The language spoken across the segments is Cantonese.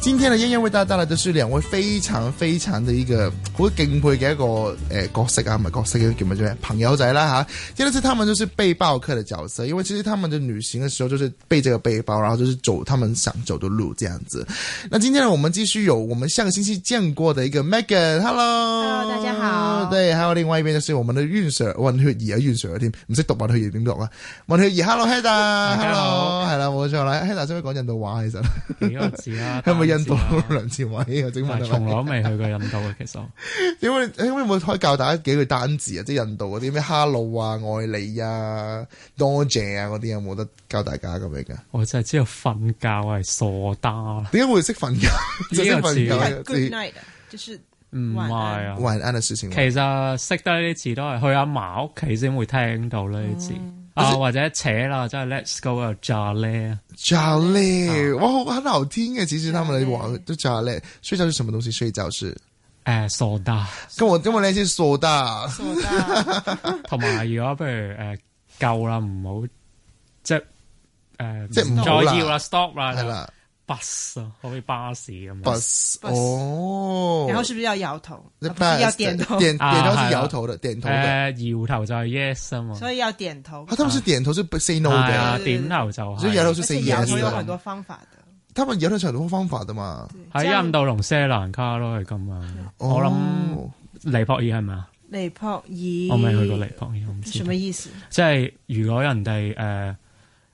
今天呢燕燕為大家帶來的是兩位非常非常的一個好敬佩嘅一個呃、欸、角色啊，唔係角色叫咩叫咩朋友仔啦吓，因為是他們就是背包客的角色，因為其實他們的旅行嘅時候就是背這個背包，然後就是走他們想走的路，這樣子。那今天呢，我們繼續有我們上個星期見過的一個 Megan，Hello， 大家好，對，還有另外一邊就是我們的運水、啊，溫血啊運水而聽，唔識讀，我哋而點讀、啊、Hello, Heather, Hi, Hello, Hello, 啦，溫血兒，Hello，Heather，Hello，係啦，冇錯啦，Heather 講印度話，其實幾 其他的笑印度梁朝偉啊，整埋。從來都未去過印度啊，其實。因為因為會唔會可以教大家幾句單字啊，即、就、係、是、印度嗰啲咩 Hello 啊、愛你啊、多謝啊嗰啲有冇得教大家咁樣噶？我真係知道瞓覺係傻打。點解會識瞓、這個、 覺是？即解會瞓 Good night，就是晚、啊、其實識得呢啲字都係去阿嫲屋企先會聽到呢啲字。嗯啊或者扯啦，即係 Let's go 又炸咧，炸咧，哇好好好聽嘅。其實他們嚟玩都炸咧。睡覺是什麼東西？睡覺是誒傻得，咁我咁我呢先傻得。傻得。同埋如果譬如誒夠啦，唔、呃、好即係誒、呃、即係唔再要啦，stop 啦。係啦。bus 啊，可唔可以巴士咁樣。bus, bus 哦，然後是不是要搖頭？Bus, 啊、不是要點頭。點,點頭是搖頭的，點頭的。搖、啊呃、頭就係 yes 啊嘛。所以要點頭。他們是點頭就 say no 嘅、啊，點頭就係、是。所以,所以搖頭就 say yes 啦。而且搖頭有很多方法的。嗯、他們搖頭有好多方法的嘛？喺印度、龍、斯蘭卡咯，係咁啊。我諗尼泊爾係咪啊？尼泊爾，我未去過尼泊爾，唔知。什麼意思？即係如果人哋誒。呃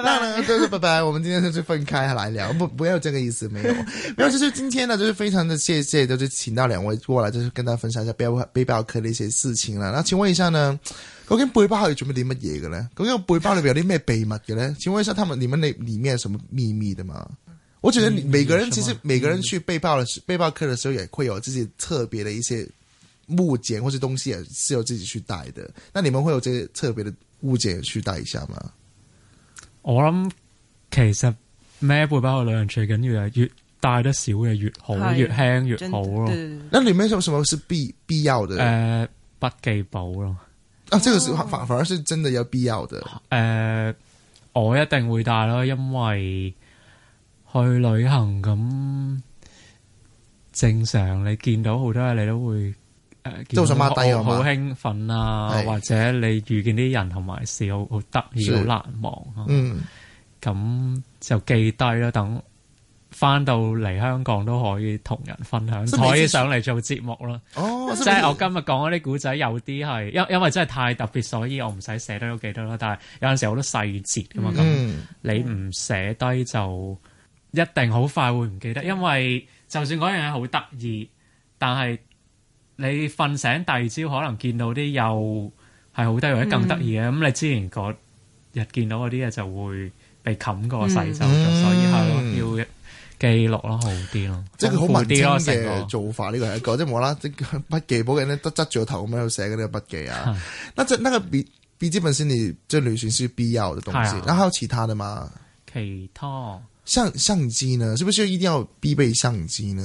那就是 拜拜，我們今天就是分開來聊，不，不要這個意思，沒有。 沒有，就是今天呢，就是非常的謝謝，就是請到兩位過來，就是跟大家分享一下背包背包客的一些事情啦。那請問一下呢，我 跟背包有準備點乜嘢嘅呢？我 跟背包裏邊有啲咩秘密嘅呢？請問一下，他們你們裏面裏面有什麼秘密的嗎？我覺得每個人其實每個人去背包的 背包客的時候，也會有自己特別的一些物件或是東西，是由自己去帶的。那你們會有這些特別的物件去帶一下嗎？我諗其實孭背包去旅行最緊要係越帶得少嘅越好，越輕越好咯。咁裏面有什麼是必必要嘅？誒、呃，筆記簿咯，啊，這個是反反而是真的有必要嘅。誒、哦呃，我一定會帶咯，因為去旅行咁正常，你見到好多嘢你都會。都想 mark 低啊！好興奮啊，或者你遇見啲人同埋事，好好得意，好難忘啊，嗯，咁就記低囉，等翻到嚟香港都可以同人分享，可以上嚟做節目咯。哦，即係、就是、我今日講嗰啲古仔，有啲係因為因為真係太特別，所以我唔使寫得都記得囉。但係有陣時好多細節㗎嘛，咁、嗯、你唔寫低就一定好快會唔記得，因為就算嗰樣嘢好得意，但係。你瞓醒第二朝可能見到啲又係好得意或者更得意嘅咁。你之前嗰日見到嗰啲嘢就會被冚過洗咗，嗯、所以係要記錄咯，好啲咯，即係好文青嘅做法。呢個係一、 這個即係無啦，筆記簿嘅人都執住個頭咁樣喺度寫嘅呢個筆記啊。 那即那個筆筆記本先你即係類算必要的東西，那、啊、有其他的嘛？其他相相機呢？需唔需要一定要必備相機呢？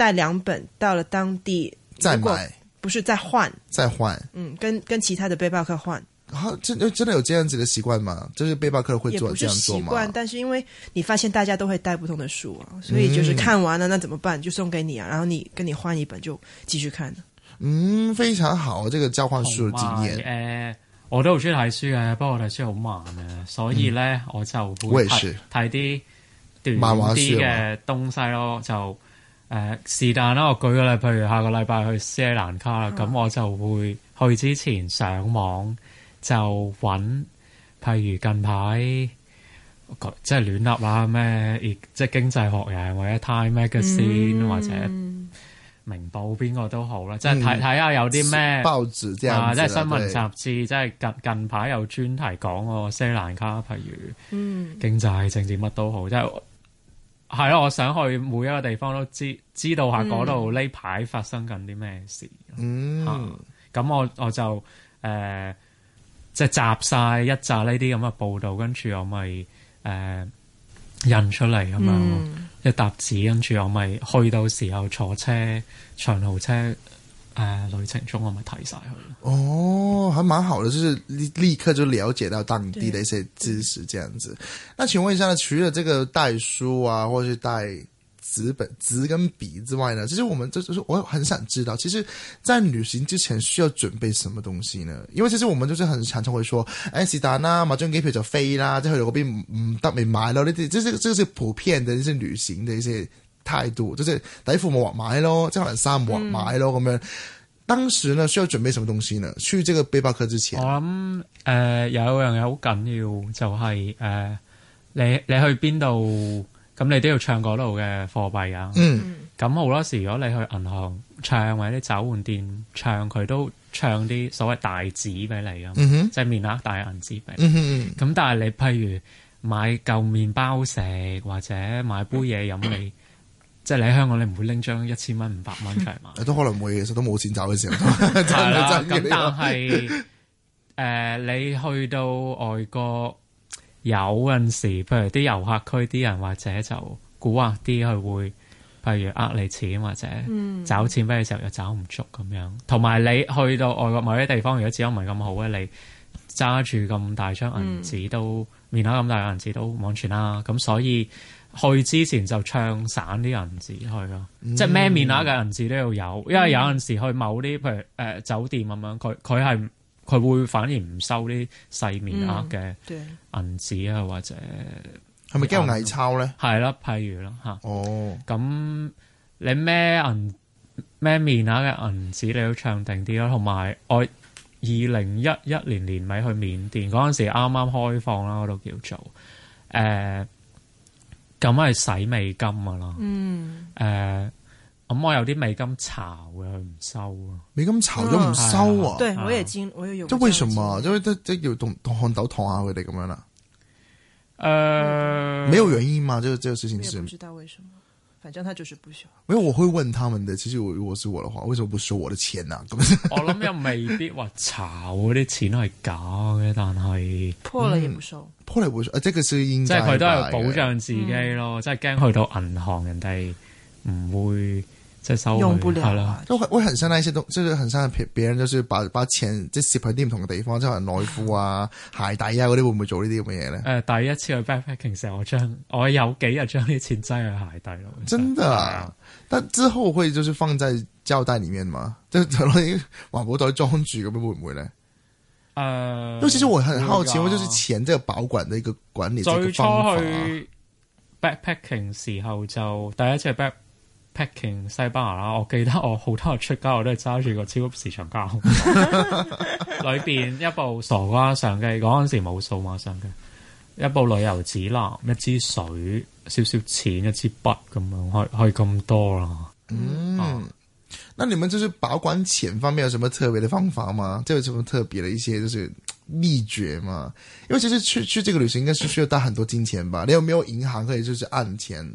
帶兩本到了當地再買，不是再換，再換，嗯，跟跟其他的背包客換。然後真真的有這樣子的習慣嗎？就是背包客會做這樣做嗎？也不是習慣，但是因為你發現大家都會帶不同的書啊，所以就是看完了，嗯，那怎麼辦？就送給你啊，然後你跟你換一本就繼續看。嗯，非常好，這個交換書的經驗。呃。我都好中意睇書嘅，啊，不過睇書好慢啊，所以咧，嗯，我就不會睇睇啲短啲嘅東西咯，就。誒是但啦，我舉個例，譬如下個禮拜去斯里蘭卡啦，咁我就會去之前上網就揾，譬如近排即係亂噏啦咩，即係、啊、經濟學人或者 Time Magazine、嗯、或者明報邊個都好啦，即係睇睇下有啲咩報紙、啊、即係新聞雜誌，即係近近排有專題講個斯里蘭卡，譬如、嗯、經濟、政治乜都好，即係。係咯，我想去每一個地方都知知道下嗰度呢排發生緊啲咩事。嗯、咁、uh, 我我就誒、即、呃、係集晒一扎呢啲咁嘅報道，跟住我咪誒、呃、印出嚟咁樣一沓紙，跟住我咪去到時候坐車，長途車。誒、呃，旅程中我咪睇晒佢咯。哦，還蠻好的，就是立立刻就了解到當地的一些知識，這樣子。那請問一下呢，除了這個帶書啊，或是帶紙本、紙跟筆之外呢，其實我們就就是我很想知道，其實，在旅行之前需要準備什麼東西呢？因為其實我們就是很常常會說，誒、欸，是但啦，買張機票就飛啦，即係去嗰邊唔得未買咯。呢啲，這是這些是普遍的一些旅行的一些。態度，即係底褲冇或買咯，即係可能衫冇或買咯咁樣。嗯、當時呢需要準備什麼東西呢？去這個背包客之前，我諗誒、呃，有一樣嘢好緊要，就係、是、誒、呃，你你去邊度咁，你都要唱嗰度嘅貨幣啊。嗯，咁好多時如果你去銀行唱或者找換店唱，佢都唱啲所謂大紙俾你啊。即係面額大嘅銀紙俾。嗯銀你嗯嗯是你。咁但係你譬如買舊麵包食或者買杯嘢飲、嗯、你。即係你喺香港，你唔會拎張一,一千蚊、五百蚊出嚟嘛？都可能會，其實都冇錢找嘅時候。咁 但係，誒，你去到外國， 有陣時，譬如啲遊客區啲人，或者就蠱惑啲佢會，譬如呃你錢或者，找錢俾你時候又找唔足咁樣。同埋你去到外國某啲地方，如果治安唔係咁好咧，你揸住咁大張銀紙都。面額咁大嘅銀紙都唔安全啦、啊，咁所以去之前就唱散啲銀紙去咯、嗯，即係咩面額嘅銀紙都要有，嗯、因為有陣時去某啲譬如、呃、酒店咁樣，佢佢係佢會反而唔收啲細面額嘅銀紙啊、嗯，或者係咪驚用偽鈔咧？係、嗯、啦，譬如啦吓？哦，咁、啊、你咩面額嘅銀紙，你都唱定啲啦，同埋我。二零一一年年尾去緬甸嗰陣時啱啱開放啦，我都叫做，誒、呃，咁係洗美金啊啦，嗯、呃，誒，咁我有啲美金潮啊，佢去唔收，收啊，美金潮都唔收啊，對，我也、啊、我即係為什麼啊？即即要同同汗斗燙下佢哋咁樣啦，誒、呃，沒有原因嘛、啊？即就事情是唔知道為什麼。反正他就是不收，沒有我會問他們的。其實我如果是我的話，為什麼不收我的錢呢、啊？ 我諗又未必話查，我啲錢都係假嘅，但係破例亦唔收，嗯、破例唔收、啊這個、是即係佢都係保障自己咯，嗯、即係驚去到銀行人哋唔會。用不了，都了會行山那些東，即、就、係、是、很山，別別人就是把把錢即係攝喺啲唔同嘅地方，即可能內褲啊、 鞋底啊嗰啲，會唔會做呢啲咁嘅嘢咧？誒、呃，第一次去 backpacking 時候，我將我有幾日將啲錢擠去鞋底咯。 真的、啊、 但之後會就是放在膠袋裏面嘛？即係攞啲環保袋裝住咁，會唔會咧？誒、呃，因為其實我很好奇，我、呃、就是錢嘅保管的一個管理個方法，最初去 backpacking 時候就第一次去 back。Packing 西班牙啦，我記得我好多日出街我都係揸住個超級市場膠。 裏邊一部傻瓜相機，嗰陣時冇數碼相機，一部旅遊紙，一支水，少少錢，一支筆咁樣，可以咁多啦。嗯、啊，那你們就是保管錢方面有什麼特別的方法嗎？就有什麼特別的一些就是秘訣嘛。因為其實去去這個旅行，應該是需要帶很多金錢吧？ 你有冇銀行可以就是按錢？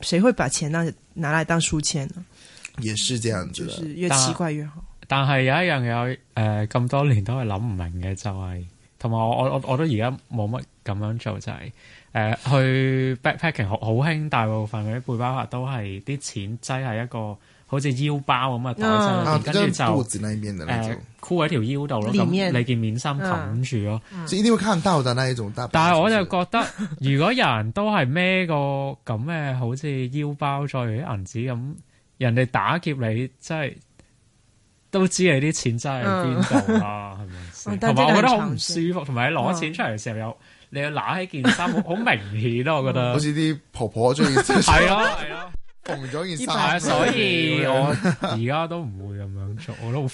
誰會把錢當拿來當書籤呢？也是這樣子，就是越奇怪越好但但係有一樣有誒，呃、咁多年都係諗唔明嘅，就係同埋我我我我都而家冇乜咁樣做，就係、是、誒、呃、去 backpacking 好好興，大部分嗰啲背包客都係啲錢擠係一個。好似腰包咁啊，打身，跟、嗯、住就，誒，箍、呃、喺條腰度咯，咁你件面衫冚住咯，即、嗯嗯、以一定會看到嘅呢一種。但係我就覺得， 如果人都係孭個咁嘅，好似腰包再啲銀紙咁，人哋打劫你，真係都知你啲錢真係邊度啊。係、嗯、咪？係嘛， 我覺得好唔舒服，同埋你攞錢出嚟嘅時候又、嗯，你又揦起件衫，好、嗯、明顯咯、嗯，我覺得。好似啲婆婆中意，係 咯、啊，係咯、啊。 我們你 所以我而家都唔會咁樣做，我都好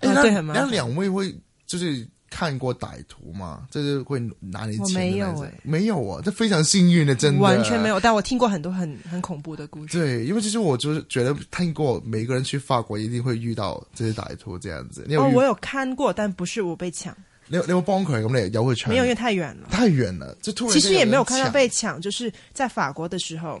煩。那、 兩位會就是看過歹徒嘛，就是會拿你搶，我沒有，沒有啊，都非常幸運的，真的、啊、完全沒有。但我聽過很多很很恐怖的故事。對，因為其實我就是覺得聽過每個人去法國一定會遇到這些歹徒這樣子。哦，我有看過，但不是我被搶。你有，有有 Bunker, 你也有幫佢咁嚟有去搶？沒有，因為太遠了，太遠了。就突然，其實也沒有看到被搶，就是在法國的時候。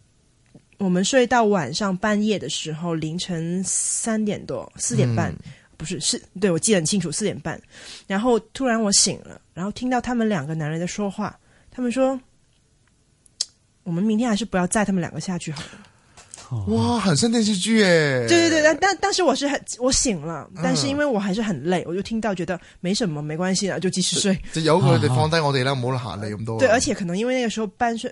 我們睡到晚上半夜的時候，凌晨三點多、四點半，嗯、不是是對我記得很清楚，四點半。然後突然我醒了，然後聽到他們兩個男人在說話，他們說：“我們明天還是不要載他們兩個下去好了。”哇，很像電視劇耶！對對對，但但但是我是很我醒了，但是因為我還是很累，我就聽到覺得沒什麼，沒關係了，就繼續睡。就可能 你放低我哋啦，冇得閒理咁多。對，而且可能因為那個時候半睡。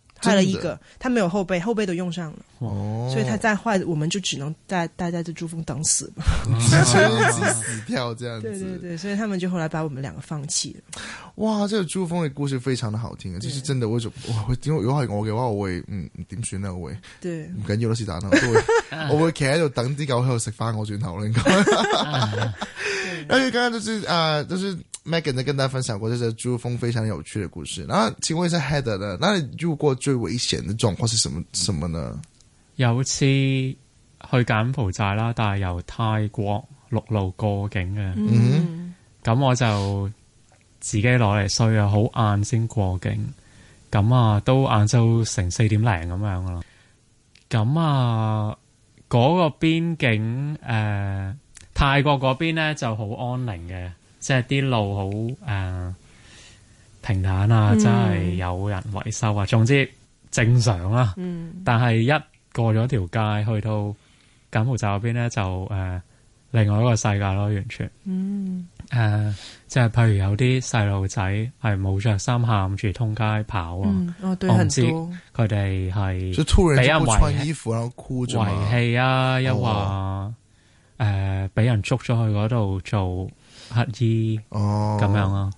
壞了一個，他沒有後背，後背都用上了，oh. 所以他在壞，我們就只能在待在這珠峰等死。oh. 哈哈 死掉這樣子。對對對，所以他們就後來把我們兩個放棄了。哇，這個珠峰的故事非常的好聽，就是真的，為什麼？我會因為有我的話我會，我會，嗯，點算呢？我會，對，不緊要了，是但了， 我會，我會企喺度等啲狗喺度食我轉頭啦。應該，啊，剛剛就是啊、呃，就是 Megan 跟大家分享過這些珠峰非常有趣的故事。然後請問一下 Head 呢？那你入過最危險的狀況是什麼？什麼呢？有次去柬埔寨啦，但係由泰國陸路過境嘅，咁、嗯嗯、我就自己攞嚟衰啊，好晏先過境，咁啊都晏晝成四點零咁樣噶啦，咁啊嗰、嗰個邊境誒、呃、泰國嗰邊咧就好安寧嘅，即係啲路好誒、呃、平坦啊，真係有人維修啊、嗯，總之。正常啦、啊嗯，但係一過咗條街去到柬埔寨嗰邊咧，就誒、呃、另外一個世界咯，完全。誒、嗯，即、呃、係、就是、譬如有啲細路仔係冇着衫，喊住通街跑啊！嗯哦、對我唔知佢哋係俾人遺棄啊，又話誒俾人捉咗去嗰度做乞衣哦，咁樣啊！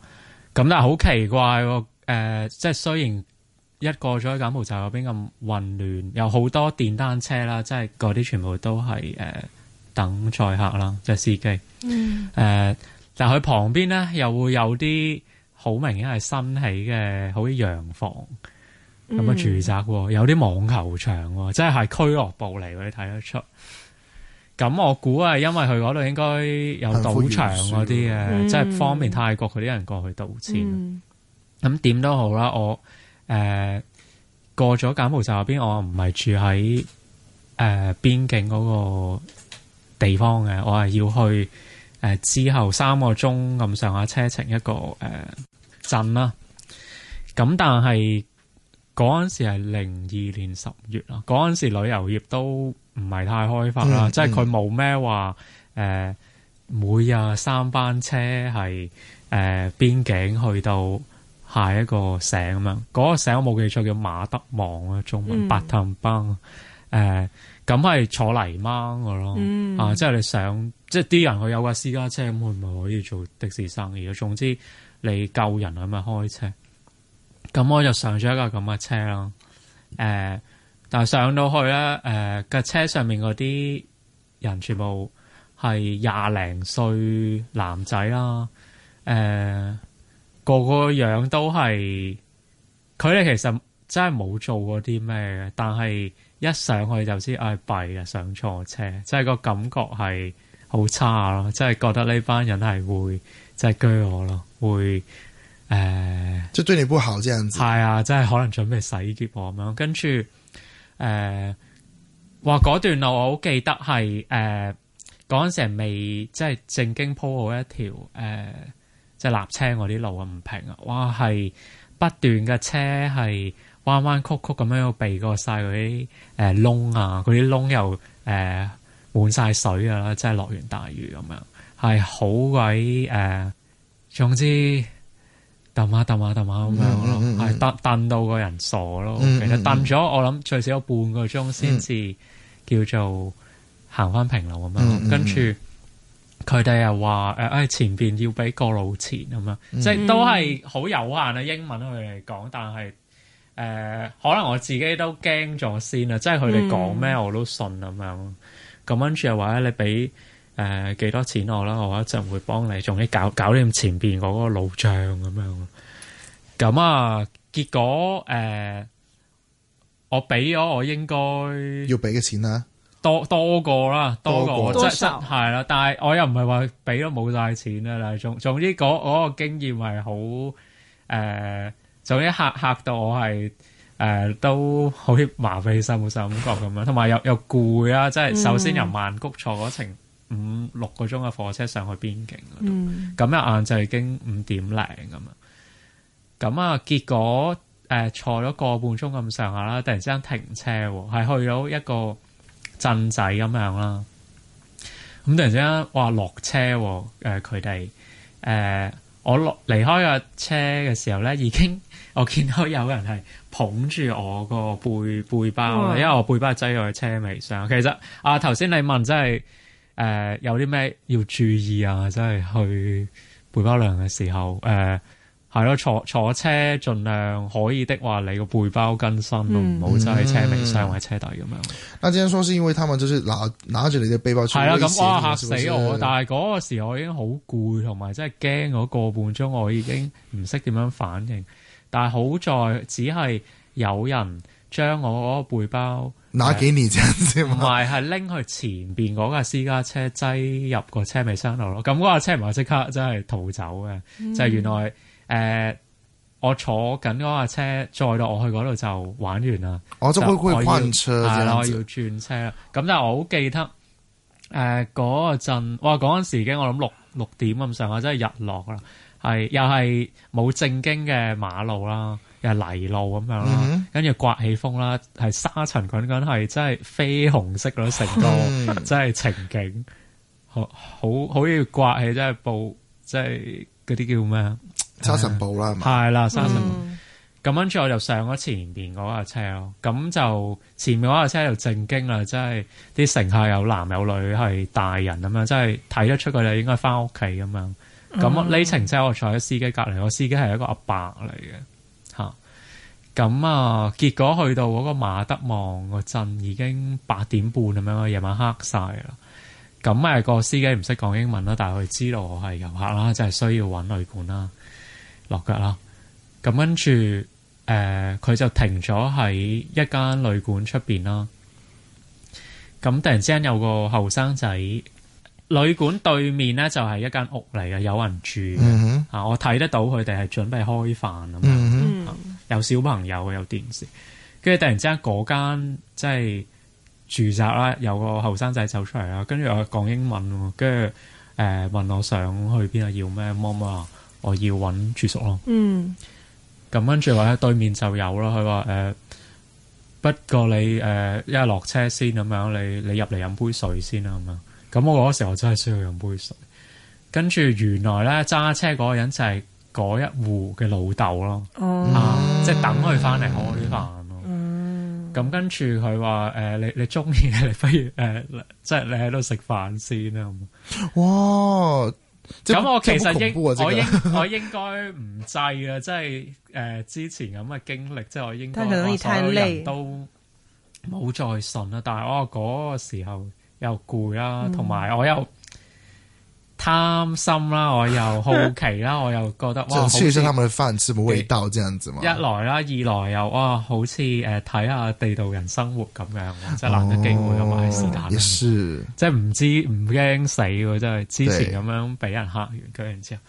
咁但係好奇怪喎、啊，誒、呃，即係雖然。一過咗喺柬埔寨嗰邊咁混亂，有好多電單車啦，即係嗰啲全部都係、呃、等載客啦，即、就、係、是、司機。嗯呃、但佢旁邊咧又會有啲好明顯係新起嘅，好似洋房咁嘅住宅喎、嗯，有啲網球場喎，即係係俱樂部嚟，喎。你睇得出。咁我估係因為佢嗰度應該有賭場嗰啲嘅，即係、嗯就是、方便泰國嗰啲人過去賭錢。咁點都好啦，我。誒、呃，過咗柬埔寨入邊，我唔係住喺誒邊境嗰個地方嘅，我係要去誒、呃、之後三個鐘咁上下車程一個誒鎮啦。咁、呃啊、但係嗰陣時係零二年十月啦，嗰陣時旅遊業都唔係太開發啦、嗯，即係佢冇咩話誒每日三班車係誒邊境去到。係一個城咁樣，嗰、那個城我冇記錯叫馬德望啊，中文巴坦邦，誒咁係坐泥猛嘅咯，啊即係你上，即係啲人佢有架私家車，咁會唔會可以做的士生意咯。總之你救人咁樣開車，咁我就上咗一架咁嘅車啦，誒、呃，但係上到去咧，誒、呃、架車上面嗰啲人全部係廿零歲男仔啦，誒、呃。個個樣都係佢哋其實真係冇做過啲咩嘅，但係一上去就知，哎弊啊上錯車，即係個感覺係好差咯，即係覺得呢班人係會即係拘我咯，會誒、呃，就對你不好，這樣係啊，即係可能準備洗劫我咁樣，跟住誒，哇嗰段路我好記得係誒嗰陣時未即係正經鋪好一條誒。呃即係立車，嗰啲路啊唔平啊，哇！係不斷嘅車係彎彎曲曲咁樣避過曬嗰啲誒窿啊，嗰啲窿又誒、呃、滿曬水啊，啦，即係落完大雨咁樣，係好鬼誒，總之揼下揼下揼下咁樣咯，係揼揼到個人傻咯，mm -hmm. 其實揼咗我諗最少有半個鐘先至叫做行返平路咁、mm -hmm. 樣，跟住。佢哋又話誒，誒、哎、前邊要俾過路錢咁、嗯、即係都係好有限啊。英文佢哋講，但係誒、呃，可能我自己都驚咗先啊。即係佢哋講咩我都信咁、嗯、樣。咁跟住又話你俾誒幾多錢我啦，我一陣會幫你仲啲搞搞掂前邊嗰個路障咁樣。咁啊，結果誒、呃，我俾咗我應該要俾嘅錢啊。多多個啦，多，多個質質係啦，但係我又唔係話俾咗冇晒錢啦，但係總總之嗰、那、嗰、個那個經驗係好誒、呃，總之嚇嚇到我係誒、呃、都好麻痹起冇嘅感覺咁樣，同埋 又又攰啊！即係首先由曼谷坐嗰程五六個鐘嘅火車上去邊境嗰度，咁啊晏晝已經五點零咁樣，咁啊結果誒、呃、坐咗個半鐘咁上下啦，突然之間停車喎，係去到一個鎮仔咁樣啦，咁突然之間，話落車誒，佢哋誒，我落離開個車嘅時候咧，已經我見到有人係捧住我個背背包啦、啊，因為我背包係擠入去車尾上。其實啊，頭先你問即係誒，有啲咩要注意啊，即係去背包量嘅時候誒。呃係咯，坐坐車盡量可以的話，你個背包跟身、嗯、都唔好擠喺車尾箱或者車底咁、嗯、樣。那既然說是因爲他們就是拿拿住你嘅背包出嚟，咁哇，嚇死我！但係嗰個時候我個時我已經好攰，同埋真係驚嗰個半鐘，我已經唔識點樣反應。 但係好在只係有人將我嗰個背包拿幾年啫，唔係係拎去前邊嗰架私家車擠入個車尾箱度咯。咁、那、嗰架車唔係即刻真係逃走嘅、嗯，就係、是、原來。誒、呃，我坐緊嗰架車，再到我去嗰度就玩完啦。我仲要轉車，係咯，要轉車。咁但係我好記得誒嗰陣哇，嗰陣時間我諗六六點咁上下，真係日落啦。係又係冇正經嘅馬路啦，又係泥路咁樣啦，mm hmm. 跟住颳起風啦，係沙塵滾滾，係真係緋紅色成個，真係 情景好好好，好要颳起，真係暴，即係嗰啲叫咩啊？沙塵暴啦，係嘛？係啦，沙塵咁。跟住我就上咗前邊嗰架車，咁就前面嗰架車就正經啦，即係啲乘客有男有女，係大人咁樣，即係睇得出佢哋應該翻屋企咁樣。咁、嗯、呢程車我坐喺司機隔籬，個司機係一個阿伯嚟嘅吓咁啊。結果去到嗰個馬德望個陣已經八點半咁樣，夜晚黑晒啦。咁誒個司機唔識講英文啦，但係佢知道我係遊客啦，即係需要搵旅館啦。落腳啦，咁跟住誒，佢、呃、就停咗喺一間旅館出面啦。咁突然之間有個後生仔，旅館對面咧就係一間屋嚟嘅，有人住、嗯、啊！我睇得到佢哋係準備開飯咁嘛、嗯啊、有小朋友，有電視。跟住突然之間嗰間即係住宅啦，有個後生仔走出嚟啦，跟住我講英文，跟住誒問我想去邊啊？要咩？乜乜啊？我要揾住宿咯。嗯，咁跟住話咧，對面就有咯。佢話誒，不過你誒、呃，一係落車先咁樣，你你入嚟飲杯水先啦，咁樣。咁我嗰時候真係需要飲杯水。跟住原來咧揸車嗰個人就係嗰一戶嘅老豆咯，啊、哦嗯，即係等佢翻嚟開飯咯。咁、嗯嗯、跟住佢話誒，你你中意，你不如誒、呃，即係你喺度食飯先啦。哇！咁我其實應該、啊、我應該 我應該唔制啊，即係誒、呃、之前咁嘅經歷，即 係我應該所有人都冇再信啦。但係我嗰個時候又攰啦，同、嗯、埋我又。貪心啦，我又好奇啦，我又覺得 哇，嘗試下佢哋嘅飯食乜味道，這樣子嘛。一來啦，二來又哇，好似誒睇下地道人生活咁樣，即、哦、係難得機會啊，買時間。也是，即係唔知唔驚死，真係之前咁樣俾人嚇完，佢然之之後。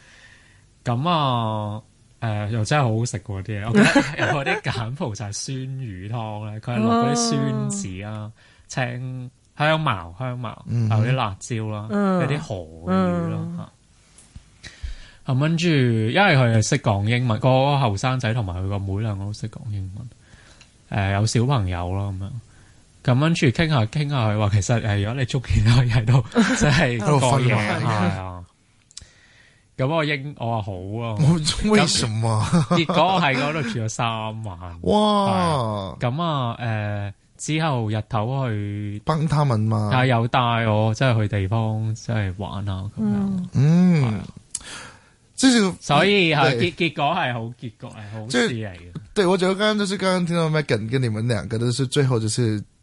咁啊，誒、呃、又真係好好食啲嘢，我覺得有啲柬埔寨酸魚湯咧，佢係落嗰啲酸子啊青。香茅、香茅，有、嗯、啲辣椒啦，有啲河魚咯吓。咁跟住，因為佢係識講英文，個後生仔同埋佢個妹兩個都識講英文。誒，有小朋友啦咁樣。咁跟住傾下傾下，佢話其實如果你捉見到喺度，即 係、就是、 個係人 是啊。咁 我英，我話好啊。為什麼？結果係嗰度住咗三晚。哇！咁啊，誒。呃之後日頭去，幫他們嘛，又帶、啊、我即係去地方，即係玩啊咁、嗯、樣。嗯，即、啊、是所以結對結果係好，結局係好事嚟嘅。對，我覺得剛剛就是剛剛聽到 Megan 跟你們兩個，都是最後就是。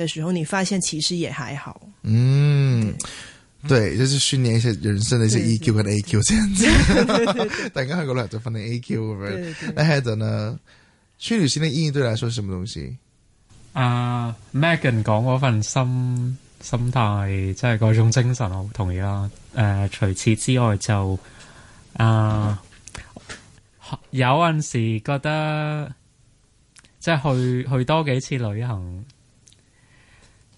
嘅時候，你發現其實也還好。嗯，對，對就是訓練一些人生的一些 EQ 跟 AQ 這樣子。等下嗰兩就訓練 AQ，唔係。那下陣呢？去旅行嘅意義對來說是什麼東西？阿、uh, Megan 講嗰份心心態，即係嗰種精神，我同意啦、啊。誒、呃，除此之外就啊、呃，有陣時覺得即係、就是、去去多幾次旅行。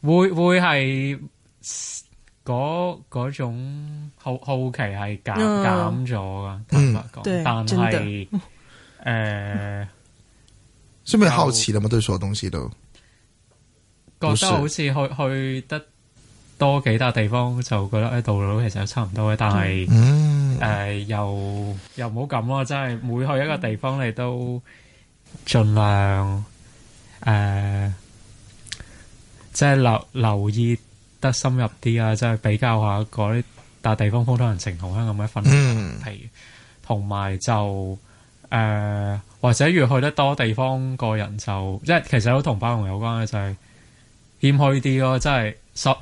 會會係嗰嗰種好好奇係減減咗啊，坦白講，嗯，但係誒，算唔算好奇啦？冇對所有東西都覺得好似去去得多幾笪地方就覺得啲道路其實都差唔多嘅，但係誒、嗯呃、又又唔好咁咯，即係每去一個地方你都盡量誒。呃即、就、係、是、留留意得深入啲啊，即、就、係、是、比較下嗰啲大地方普通人情同香咁嘅分圍，譬如同埋就誒、呃，或者越去得多地方，個人就即係、就是、其實都同包容有關嘅，就係謙虛啲咯。即係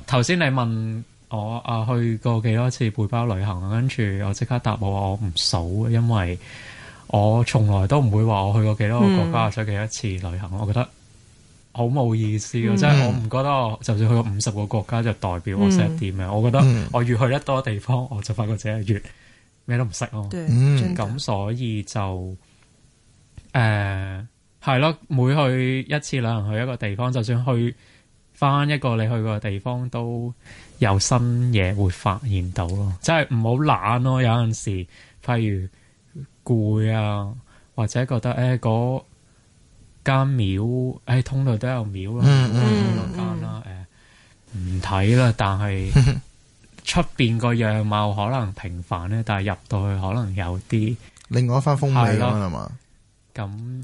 頭先你問我啊，去過幾多次背包旅行啊？跟住我即刻答我話，我唔數，因為我從來都唔會話我去過幾多個國家、嗯，或者幾多次旅行、啊。我覺得。好冇意思嘅，嗯，即係我唔覺得我，就算去過五十個國家，就代表我識點樣。我覺得我越去得多地方，嗯，我就發覺自己越咩都唔識咯。咁，嗯，所以就誒係咯，每去一次旅行去一個地方，就算去翻一個你去過嘅地方，都有新嘢會發現到咯。即係唔好懶咯，有陣時譬如攰啊，或者覺得誒嗰。欸間廟喺通道都有廟啦，間、嗯、啦，誒、嗯，唔睇啦，但係出邊個樣貌可能平凡咧，但係入到去可能有啲另外一番風味咯，係嘛？咁。